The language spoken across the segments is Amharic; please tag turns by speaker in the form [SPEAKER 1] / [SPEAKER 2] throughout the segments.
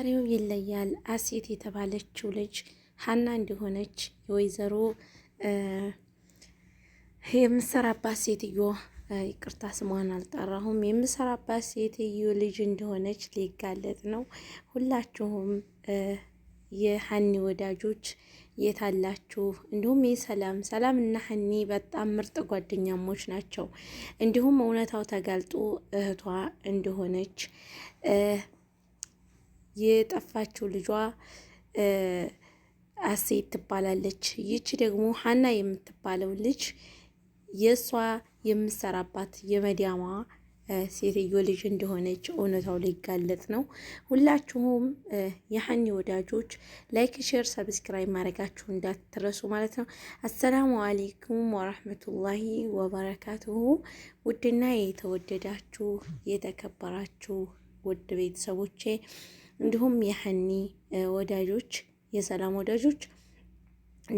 [SPEAKER 1] ዛሬው ይለያል። አሴት የተባለችው ልጅ ሀና እንደሆነች የወይዘሮ የምሰራባት ሴትዮ ይቅርታ ስሟን አልጠራሁም። የምሰራባት ሴትዮ ልጅ እንደሆነች ሊጋለጥ ነው። ሁላችሁም የሀኒ ወዳጆች የታላችሁ እንዲሁም ይህ ሰላም ሰላም እና ሀኒ በጣም ምርጥ ጓደኛሞች ናቸው። እንዲሁም እውነታው ተጋልጦ እህቷ እንደሆነች የጠፋችው ልጇ አሴት ትባላለች። ይቺ ደግሞ ሀና የምትባለው ልጅ የእሷ የምሰራባት የመዲያማ ሴትዮ ልጅ እንደሆነች እውነታው ሊጋለጥ ነው። ሁላችሁም የሀኒ ወዳጆች ላይክ፣ ሼር፣ ሰብስክራይብ ማድረጋችሁ እንዳትረሱ ማለት ነው። አሰላሙ አሌይኩም ወራህመቱላሂ ወበረካቱሁ። ውድና የተወደዳችሁ የተከበራችሁ ውድ ቤተሰቦቼ እንዲሁም የሀኒ ወዳጆች የሰላም ወዳጆች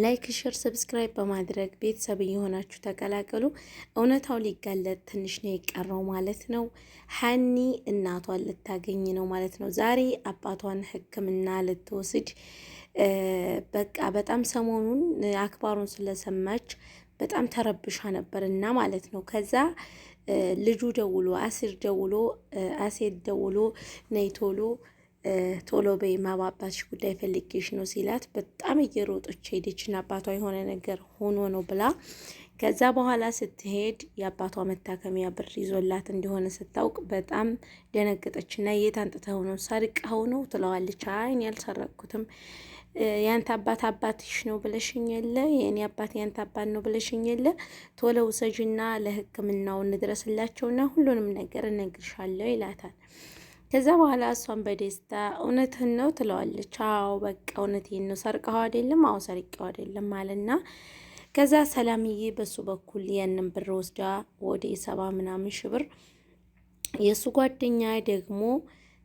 [SPEAKER 1] ላይክ፣ ሸር፣ ሰብስክራይብ በማድረግ ቤተሰብ እየሆናችሁ ተቀላቀሉ። እውነታው ሊጋለጥ ትንሽ ነው የቀረው ማለት ነው። ሀኒ እናቷን ልታገኝ ነው ማለት ነው። ዛሬ አባቷን ሕክምና ልትወስድ በቃ በጣም ሰሞኑን አክባሩን ስለሰማች በጣም ተረብሻ ነበር እና ማለት ነው። ከዛ ልጁ ደውሎ አሲር ደውሎ አሴድ ደውሎ ነይቶሎ ቶሎ በይ በአባትሽ ጉዳይ ፈልጌሽ ነው ሲላት በጣም እየሮጠች ሄደች እና አባቷ የሆነ ነገር ሆኖ ነው ብላ ከዛ በኋላ ስትሄድ የአባቷ መታከሚያ ብር ይዞላት እንደሆነ ስታውቅ በጣም ደነገጠች ደነገጠችና የት አንጥተው ነው ሰርቀኸው ነው ትለዋለች። አይን ያልሰረቅኩትም ያንተ አባት አባትሽ ነው ብለሽኝ የለ የእኔ አባት ያንተ አባት ነው ብለሽኝ የለ ቶሎ ውሰጅና ለሕክምናው እንድረስላቸውና ሁሉንም ነገር እነግርሻለሁ ይላታል። ከዛ በኋላ እሷን በደስታ እውነትህን ነው ትለዋለች። አዎ በቃ እውነቴን ነው ሰርቀኸው አይደለም? አዎ ሰርቄው አይደለም አለና ከዛ ሰላምዬ በሱ በኩል ያንን ብር ወስዳ ወደ ሰባ ምናምን ሺህ ብር የእሱ ጓደኛ ደግሞ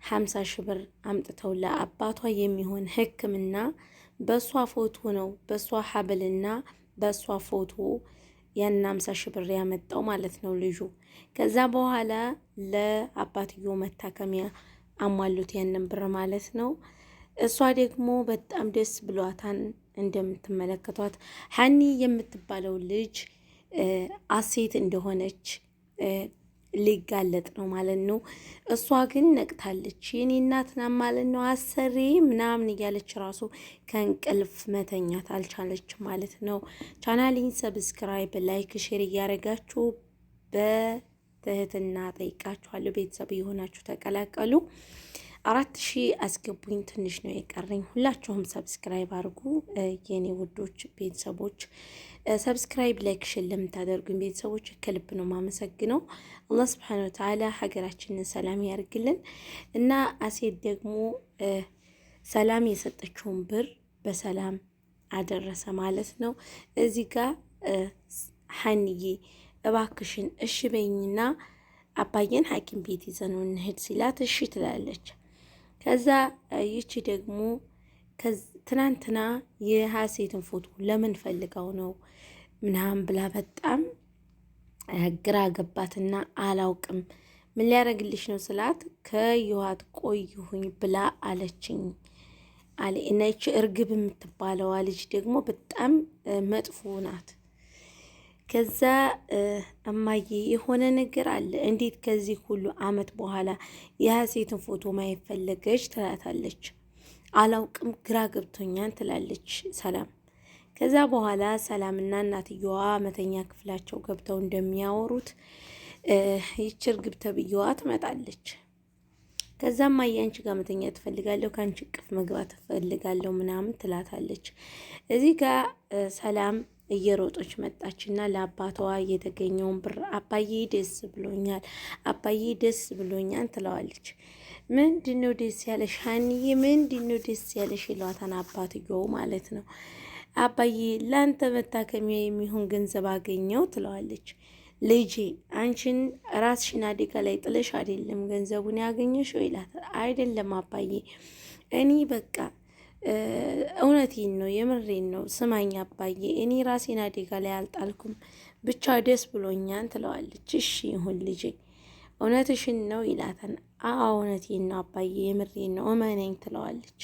[SPEAKER 1] ሀምሳ ሺህ ብር አምጥተው ለአባቷ የሚሆን ሕክምና በእሷ ፎቶ ነው በእሷ ሀብልና በእሷ ፎቶ ያን አምሳ ሺህ ብር ያመጣው ማለት ነው ልጁ። ከዛ በኋላ ለአባትዮ መታከሚያ አሟሉት ያንን ብር ማለት ነው። እሷ ደግሞ በጣም ደስ ብሏታን እንደምትመለከቷት ሀኒ የምትባለው ልጅ አሴት እንደሆነች ሊጋለጥ ነው ማለት ነው። እሷ ግን ነቅታለች። የኔ እናት ማለት ነው አሰሪ ምናምን እያለች ራሱ ከእንቅልፍ መተኛት አልቻለች ማለት ነው። ቻናሊን ሰብስክራይብ፣ ላይክ፣ ሼር እያደረጋችሁ በትህትና ጠይቃችኋለሁ። ቤተሰብ የሆናችሁ ተቀላቀሉ። አራት ሺህ አስገቡኝ። ትንሽ ነው የቀረኝ። ሁላችሁም ሰብስክራይብ አድርጉ የኔ ውዶች ቤተሰቦች። ሰብስክራይብ፣ ላይክ፣ ሽን ለምታደርጉኝ ቤተሰቦች ከልብ ነው ማመሰግነው። አላህ ስብሓን ወተዓላ ሀገራችንን ሰላም ያርግልን እና አሴት ደግሞ ሰላም የሰጠችውን ብር በሰላም አደረሰ ማለት ነው። እዚህ ጋር ሀንዬ እባክሽን እሺ በይኝና አባየን ሐኪም ቤት ይዘነው እንሄድ ሲላት እሺ ትላለች። ከዛ ይቺ ደግሞ ትናንትና የሀሴትን ፎቶ ለምን ፈልገው ነው ምናምን ብላ በጣም ግራ ገባትና አላውቅም ምን ሊያደርግልሽ ነው ስላት ከየዋት ቆይሁኝ ብላ አለችኝ አለ እና ይቺ እርግብ የምትባለዋ ልጅ ደግሞ በጣም መጥፎ ናት። ከዛ እማዬ የሆነ ነገር አለ፣ እንዴት ከዚህ ሁሉ አመት በኋላ የሀሴትን ፎቶ ማየት ፈለገች ትላታለች። አላውቅም ግራ ገብቶኛን ትላለች ሰላም። ከዛ በኋላ ሰላምና እናትየዋ መተኛ ክፍላቸው ገብተው እንደሚያወሩት ይች እርግብ ተብዬዋ ትመጣለች። ከዛም አያንቺ ጋር መተኛ ትፈልጋለሁ፣ ከአንቺ ቅፍ መግባት ትፈልጋለሁ ምናምን ትላታለች። እዚህ ጋር ሰላም እየሮጦች መጣችና ለአባቷ የተገኘውን ብር አባዬ ደስ ብሎኛል፣ አባዬ ደስ ብሎኛል ትለዋለች። ምንድነው ደስ ያለሽ ሀኒዬ? ምንድነው ደስ ያለሽ ይሏታን አባትየው ማለት ነው። አባዬ ለአንተ መታከሚያ የሚሆን ገንዘብ አገኘው ትለዋለች። ልጄ አንቺን ራስሽን አደጋ ላይ ጥለሽ አይደለም ገንዘቡን ያገኘሽው ይላት። አይደለም አባዬ እኔ በቃ እውነቴን ነው፣ የምሬን ነው። ስማኝ አባዬ፣ እኔ ራሴን አደጋ ላይ አልጣልኩም፣ ብቻ ደስ ብሎኛን ትለዋለች። እሺ ይሁን ልጄ፣ እውነትሽን ነው ይላታል። አዎ እውነቴን ነው አባዬ፣ የምሬን ነው፣ እመነኝ ትለዋለች።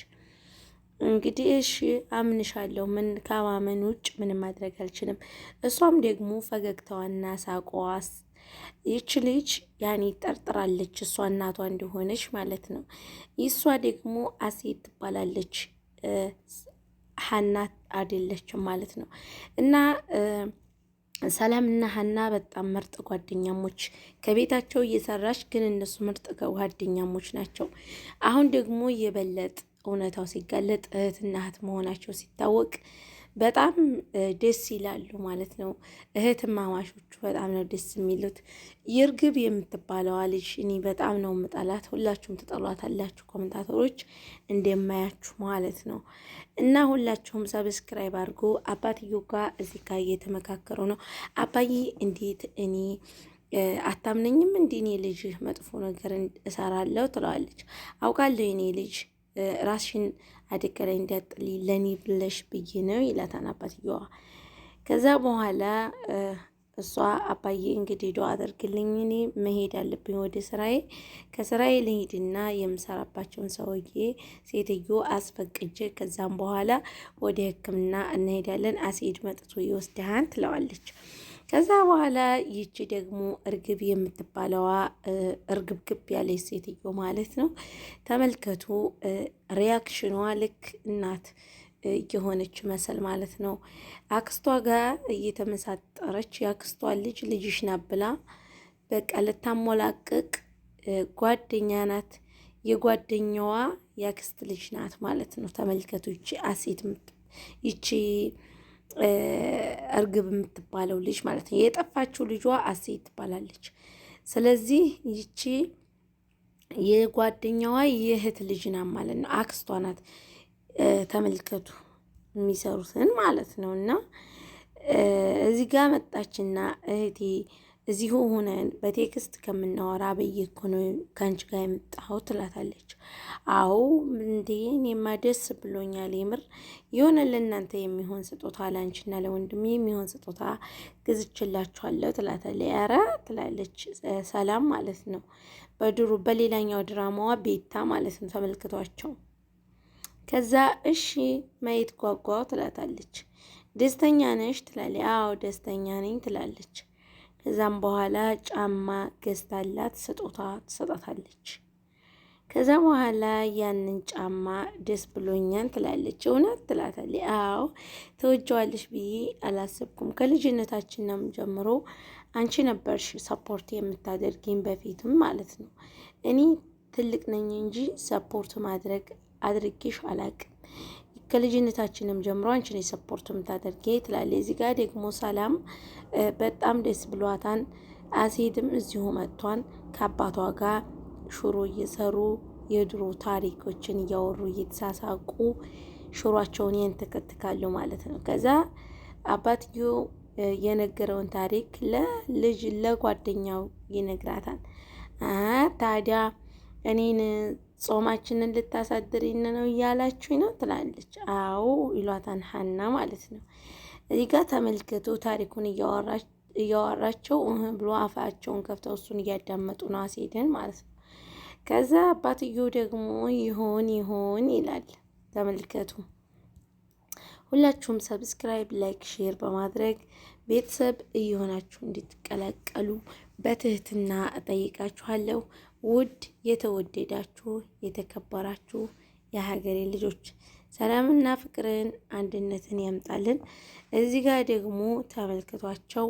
[SPEAKER 1] እንግዲህ እሺ አምንሻለሁ፣ ምን ከማመን ውጭ ምንም ማድረግ አልችልም። እሷም ደግሞ ፈገግታዋና ሳቆዋስ ይች ልጅ ያኔ ጠርጥራለች፣ እሷ እናቷ እንደሆነች ማለት ነው። ይሷ ደግሞ አሴት ትባላለች። ሀና አይደለችም ማለት ነው እና ሰላም እና ሀና በጣም ምርጥ ጓደኛሞች ከቤታቸው እየሰራች ግን እነሱ ምርጥ ጓደኛሞች ናቸው። አሁን ደግሞ የበለጥ እውነታው ሲጋለጥ እህትና እህት መሆናቸው ሲታወቅ በጣም ደስ ይላሉ ማለት ነው። እህትማማሾቹ በጣም ነው ደስ የሚሉት። ይርግብ የምትባለዋ ልጅ እኔ በጣም ነው ምጠላት። ሁላችሁም ትጠሏታላችሁ ኮመንታተሮች እንደማያችሁ ማለት ነው። እና ሁላችሁም ሰብስክራይብ አድርጎ አባትዮ ጋር እዚህ ጋር እየተመካከሩ ነው። አባዬ እንዴት እኔ አታምነኝም? እንዲህ እኔ ልጅ መጥፎ ነገር እሰራለሁ ትለዋለች። አውቃለሁ የኔ ልጅ ራስሽን አደጋ ላይ እንዳያጥልኝ ለእኔ ብለሽ ብዬ ነው ይላታን አባትየዋ። ከዛ በኋላ እሷ አባዬ እንግዲህ ዶ አድርግልኝ፣ እኔ መሄድ አለብኝ ወደ ስራዬ። ከስራዬ ልሄድና የምሰራባቸውን ሰውዬ ሴትዮ አስፈቅጄ ከዛም በኋላ ወደ ሕክምና እንሄዳለን፣ አሲድ መጥቶ ይወስድሃን ትለዋለች። ከዛ በኋላ ይቺ ደግሞ እርግብ የምትባለዋ እርግብግብ ያለች ሴትዮ ማለት ነው። ተመልከቱ ሪያክሽኗ ልክ እናት የሆነች መሰል ማለት ነው። አክስቷ ጋር እየተመሳጠረች የአክስቷ ልጅ ልጅሽ ናት ብላ በቃ ልታሞላቅቅ ጓደኛ ናት። የጓደኛዋ የአክስት ልጅ ናት ማለት ነው። ተመልከቱ ይቺ አሴት ይቺ እርግብ የምትባለው ልጅ ማለት ነው። የጠፋችው ልጇ አሴ ትባላለች። ስለዚህ ይቺ የጓደኛዋ የእህት ልጅ ናት ማለት ነው። አክስቷ ናት። ተመልከቱ የሚሰሩትን ማለት ነው። እና እዚህ ጋር መጣችና እህቴ እዚሁ ሁነን በቴክስት ከምናወራ ብዬ እኮ ነው ከአንቺ ጋር የመጣኸው ትላታለች። አዎ እንዴን የማደስ ብሎኛል። የምር የሆነ ለእናንተ የሚሆን ስጦታ ለአንቺና ለወንድም የሚሆን ስጦታ ግዝችላችኋለሁ ትላታለች። ኧረ ትላለች ሰላም ማለት ነው። በድሩ በሌላኛው ድራማዋ ቤታ ማለት ነው ተመልክቷቸው ከዛ እሺ ማየት ጓጓው ትላታለች። ደስተኛ ነሽ ትላለች። አዎ ደስተኛ ነኝ ትላለች። ከዛም በኋላ ጫማ ገዝታላት ስጦታ ትሰጣታለች። ከዛ በኋላ ያንን ጫማ ደስ ብሎኛል ትላለች። እውነት ትላታለች። አዎ ተወጀዋለሽ ብዬ አላሰብኩም። ከልጅነታችንም ጀምሮ አንቺ ነበርሽ ሰፖርት የምታደርጊኝ በፊትም ማለት ነው። እኔ ትልቅ ነኝ እንጂ ሰፖርት ማድረግ አድርጌሽ አላቅም። ከልጅነታችንም ጀምሮ አንቺን የሰፖርት የምታደርጌ ትላለች። እዚህ ጋር ደግሞ ሰላም በጣም ደስ ብሏታን። አሴድም እዚሁ መጥቷን ከአባቷ ጋር ሹሮ እየሰሩ የድሮ ታሪኮችን እያወሩ እየተሳሳቁ ሽሯቸውን ያንተከትካሉ ማለት ነው። ከዛ አባትዮ የነገረውን ታሪክ ለልጅ ለጓደኛው ይነግራታል። ታዲያ እኔን ጾማችንን ልታሳድሪን ነው እያላችሁኝ ነው ትላለች። አዎ ይሏታን ሀና ማለት ነው። እዚህ ጋር ተመልከቱ። ታሪኩን እያወራቸው ብሎ አፋቸውን ከፍተው እሱን እያዳመጡ ነው አሴድን ማለት ነው። ከዛ አባትዮ ደግሞ ይሆን ይሆን ይላል። ተመልከቱ። ሁላችሁም ሰብስክራይብ፣ ላይክ፣ ሼር በማድረግ ቤተሰብ እየሆናችሁ እንድትቀላቀሉ በትህትና እጠይቃችኋለሁ። ውድ የተወደዳችሁ የተከበራችሁ የሀገሬ ልጆች ሰላምና ፍቅርን አንድነትን ያምጣልን። እዚህ ጋር ደግሞ ተመልክቷቸው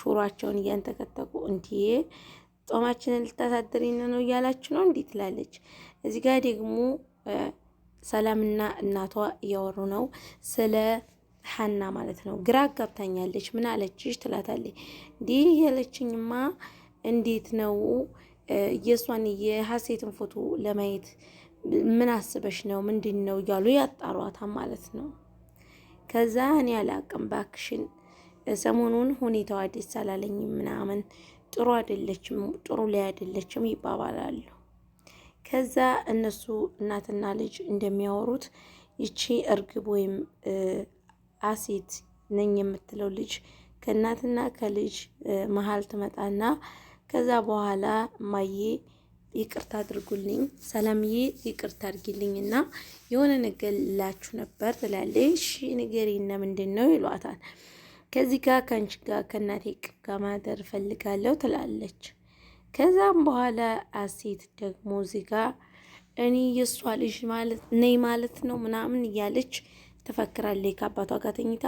[SPEAKER 1] ሹሯቸውን እያንጠቀጠቁ እንዲህ ጦማችንን ልታሳድሪን ነው እያላችሁ ነው እንዲህ ትላለች። እዚህ ጋር ደግሞ ሰላምና እናቷ እያወሩ ነው ስለ ሀና ማለት ነው። ግራ አጋብታኛለች ምን አለችሽ? ትላታለች እንዲህ ያለችኝማ እንዴት ነው የእሷን የሀሴትን ፎቶ ለማየት ምን አስበሽ ነው ምንድን ነው እያሉ ያጣሯታ ማለት ነው። ከዛ እኔ አላቅም ባክሽን፣ ሰሞኑን ሁኔታዋ ደስ አላለኝም ምናምን፣ ጥሩ አይደለችም፣ ጥሩ ላይ አይደለችም ይባባላሉ። ከዛ እነሱ እናትና ልጅ እንደሚያወሩት ይቺ እርግብ ወይም አሴት ነኝ የምትለው ልጅ ከእናትና ከልጅ መሀል ትመጣና ከዛ በኋላ እማዬ ይቅርታ አድርጉልኝ፣ ሰላምዬ ይቅርታ አድርጊልኝ እና የሆነ ነገር ላችሁ ነበር ትላለች። እሺ ንገሪና ምንድን ነው ይሏታል። ከዚህ ጋር ከአንቺ ጋር ከእናቴ ቅጋ ማደር እፈልጋለሁ ትላለች። ከዛም በኋላ አሴት ደግሞ እዚህ ጋር እኔ የእሷ ልጅ ማለት ነኝ ማለት ነው ምናምን እያለች ትፈክራለች ከአባቷ ጋር ተኝታ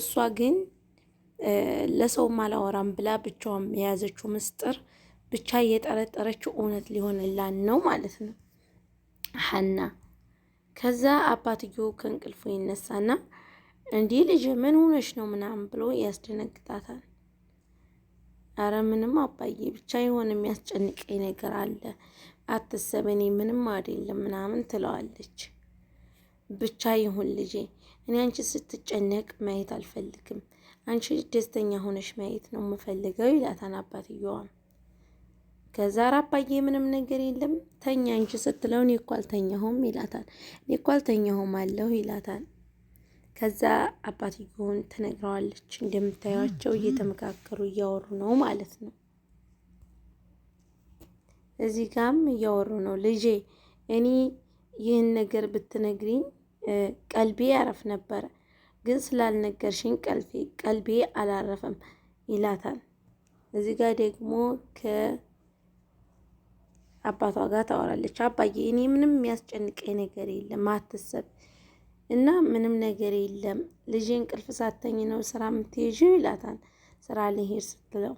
[SPEAKER 1] እሷ ግን ለሰውም አላወራም ብላ ብቻዋም የያዘችው ምስጢር ብቻ እየጠረጠረችው እውነት ሊሆንላን ነው ማለት ነው ሀና። ከዛ አባትየው ከእንቅልፉ ይነሳና እንዲህ ልጅ ምን ሆነሽ ነው ምናምን ብሎ ያስደነግጣታል። አረ ምንም አባዬ፣ ብቻ የሆነ የሚያስጨንቀኝ ነገር አለ፣ እኔ ምንም አይደለም ምናምን ትለዋለች። ብቻ ይሁን ልጄ፣ እኔ አንቺ ስትጨነቅ ማየት አልፈልግም አንቺ ደስተኛ ሆነሽ ማየት ነው የምፈልገው ይላታን አባትየዋም። ከዛ አባዬ ምንም ነገር የለም ተኛ አንቺ ስትለው እኔ እኮ አልተኛሁም ይላታል። እኔ እኮ አልተኛሁም አለሁ ይላታል። ከዛ አባትየውን ትነግረዋለች። እንደምታዩቸው እየተመካከሩ እያወሩ ነው ማለት ነው። እዚህ ጋም እያወሩ ነው። ልጄ እኔ ይህን ነገር ብትነግሪኝ ቀልቤ ያረፍ ነበረ ግን ስላልነገርሽኝ ቀልቤ አላረፈም ይላታል። እዚህ ጋር ደግሞ ከአባቷ ጋር ታወራለች። አባዬ እኔ ምንም የሚያስጨንቀኝ ነገር የለም አትሰብ እና ምንም ነገር የለም ልጄ እንቅልፍ ሳተኝ ነው ስራ የምትሄጂው ይላታል። ስራ ልሄድ ስትለው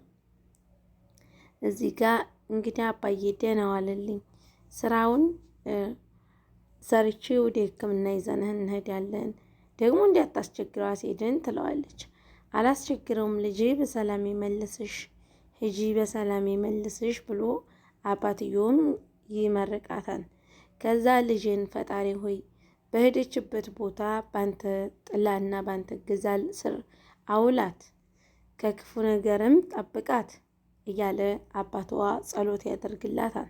[SPEAKER 1] እዚህ ጋር እንግዲህ አባዬ ደህና ስራውን ሰርቼ ወደ ሕክምና ይዘንህ እንሄዳለን ደግሞ እንዳታስቸግረው ሲድን ትለዋለች። አላስቸግረውም ልጅ በሰላም ይመልስሽ ሂጂ በሰላም ይመልስሽ ብሎ አባትየውን ይመርቃታል። ከዛ ልጅን ፈጣሪ ሆይ በሄደችበት ቦታ ባንተ ጥላና ባንተ ግዛል ስር አውላት ከክፉ ነገርም ጠብቃት እያለ አባትዋ ጸሎት ያደርግላታል።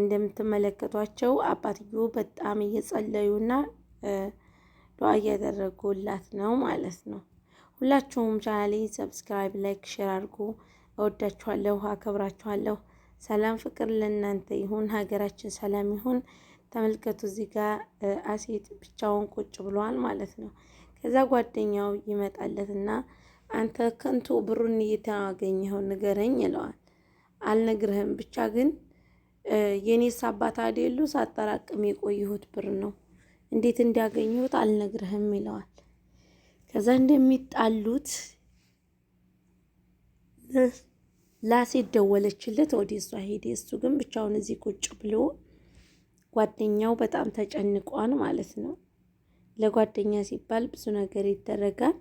[SPEAKER 1] እንደምትመለከቷቸው አባትዮ በጣም እየጸለዩና ዱዓ እያደረጉላት ነው ማለት ነው። ሁላችሁም ቻናሌ ሰብስክራይብ፣ ላይክ፣ ሼር አድርጉ። እወዳችኋለሁ፣ አከብራችኋለሁ። ሰላም ፍቅር ለእናንተ ይሁን፣ ሀገራችን ሰላም ይሁን። ተመልከቱ እዚህ ጋር አሴት ብቻውን ቁጭ ብሏል ማለት ነው። ከዛ ጓደኛው ይመጣለትና አንተ ከንቱ ብሩን እየተገኘኸው ንገረኝ ይለዋል። አልነግርህም ብቻ ግን የኔስ አባት አደሉ ሳጠራቅም የቆየሁት ብር ነው እንዴት እንዲያገኙት አልነግርህም ይለዋል። ከዛ እንደሚጣሉት ላሴት ደወለችለት፣ ወደ እሷ ሄደ። እሱ ግን ብቻውን እዚህ ቁጭ ብሎ ጓደኛው በጣም ተጨንቋን ማለት ነው። ለጓደኛ ሲባል ብዙ ነገር ይደረጋል።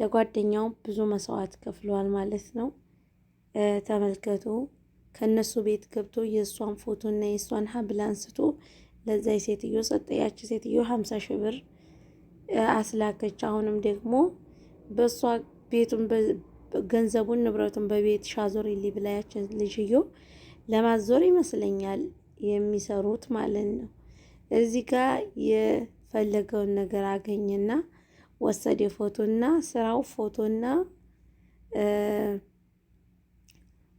[SPEAKER 1] ለጓደኛው ብዙ መስዋዕት ከፍሏል ማለት ነው። ተመልከቱ፣ ከእነሱ ቤት ገብቶ የእሷን ፎቶ እና የእሷን ሀብል አንስቶ ለዛ ሴትዮ ሰጠ። ያቺ ሴትዮ ሀምሳ ሺህ ብር አስላከች። አሁንም ደግሞ በእሷ ቤቱን ገንዘቡን ንብረቱን በቤት ሻዞር ይሊ ብላ ያችን ልጅዮ ለማዞር ይመስለኛል የሚሰሩት ማለት ነው። እዚህ ጋር የፈለገውን ነገር አገኘና ወሰደ። ፎቶና ስራው ፎቶና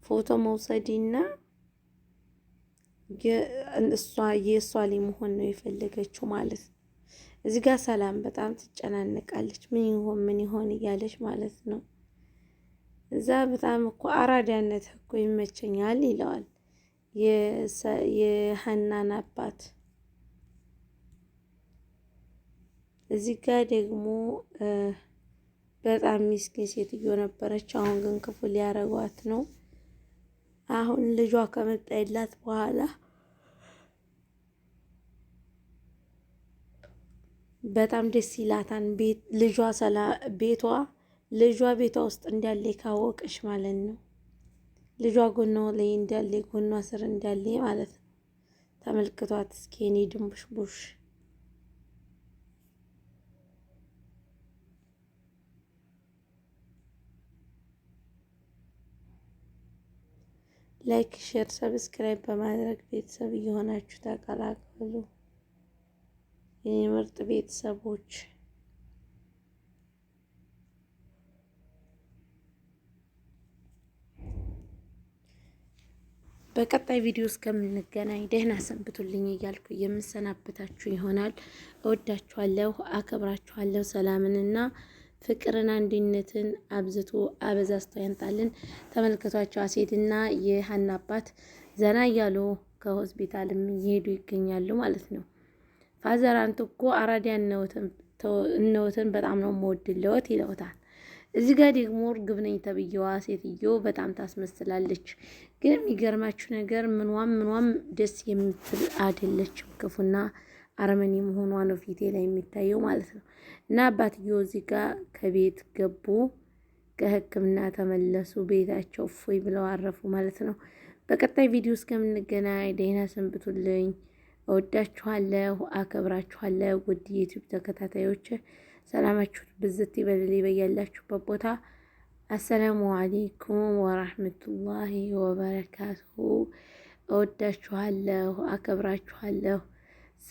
[SPEAKER 1] ፎቶ መውሰድና እሷ የእሷ ላይ መሆን ነው የፈለገችው ማለት ነው። እዚህ ጋር ሰላም በጣም ትጨናነቃለች። ምን ይሆን ምን ይሆን እያለች ማለት ነው። እዛ በጣም እኮ አራዳነት እኮ ይመቸኛል ይለዋል የሀናን አባት። እዚህ ጋር ደግሞ በጣም ሚስኪን ሴትዮ ነበረች። አሁን ግን ክፉ ሊያረጓት ነው። አሁን ልጇ ከመጣይላት በኋላ በጣም ደስ ይላታን። ልጇ ቤቷ ልጇ ቤቷ ውስጥ እንዳለ ካወቀሽ ማለት ነው። ልጇ ጎኗ ላይ እንዳለ ጎኗ ስር እንዳለ ማለት ነው። ተመልክቷት እስኪ እኔ ድንቡሽ ቡሽ ላይክ፣ ሼር፣ ሰብስክራይብ በማድረግ ቤተሰብ እየሆናችሁ ተቀላቀሉ። የኔ ምርጥ ቤተሰቦች በቀጣይ ቪዲዮ እስከምንገናኝ ደህና ሰንብቱልኝ እያልኩ የምሰናበታችሁ ይሆናል። እወዳችኋለሁ፣ አከብራችኋለሁ። ሰላምንና ፍቅርን፣ አንድነትን አብዝቶ አበዛዝቶ ያምጣልን። ተመልከቷቸው አሴድና የሀና አባት ዘና እያሉ ከሆስፒታልም እየሄዱ ይገኛሉ ማለት ነው። ፋዘር አንተ እኮ እነወትን በጣም ነው የምወድልዎት ይለውታል። እዚህ ጋር ደግሞ እርግብ ነኝ ተብዬዋ ሴትዮ በጣም ታስመስላለች። ግን የሚገርማችሁ ነገር ምንዋም ምንዋም ደስ የምትል አይደለችም ክፉና አረመኔ መሆኗ ነው ፊቴ ላይ የሚታየው ማለት ነው። እና አባትየው እዚህ ጋር ከቤት ገቡ፣ ከህክምና ተመለሱ፣ ቤታቸው እፎይ ብለው አረፉ ማለት ነው። በቀጣይ ቪዲዮ እስከምንገናኝ ደህና ሰንብቱልኝ። እወዳችኋለሁ፣ አከብራችኋለሁ። ውድ ዩቲዩብ ተከታታዮች ሰላማችሁ ብዝት ይበልልኝ በያላችሁበት ቦታ። አሰላሙ አሌይኩም ወራህመቱላሂ ወበረካቱሁ። እወዳችኋለሁ፣ አከብራችኋለሁ።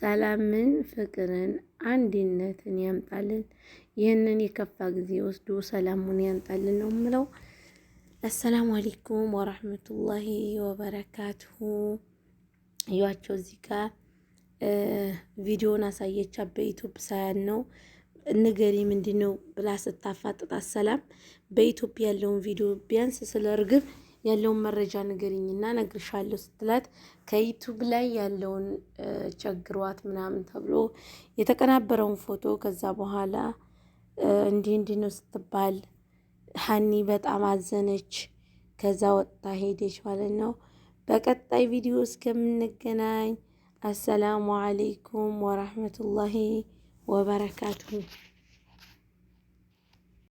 [SPEAKER 1] ሰላምን፣ ፍቅርን፣ አንድነትን ያምጣልን። ይህንን የከፋ ጊዜ ወስዶ ሰላሙን ያምጣልን ነው ምለው። አሰላሙ አሌይኩም ወራህመቱላሂ ወበረካቱሁ። እያቸው እዚህ ጋር ቪዲዮን አሳየቻ በኢትዮጵያ ሳያን ነው ንገሪ ምንድን ነው ብላ ስታፋጥጣት ሰላም በኢትዮጵያ ያለውን ቪዲዮ ቢያንስ ስለ እርግብ ያለውን መረጃ ንገሪኝና እነግርሻለሁ ስትላት ከዩቱብ ላይ ያለውን ቸግሯት ምናምን ተብሎ የተቀናበረውን ፎቶ ከዛ በኋላ እንዲህ እንዲህ ነው ስትባል ሀኒ በጣም አዘነች። ከዛ ወጥታ ሄደች ማለት ነው። በቀጣይ ቪዲዮ እስከምንገናኝ አሰላሙ አሌይኩም ወራህመቱላሂ ወበረካቱሁ።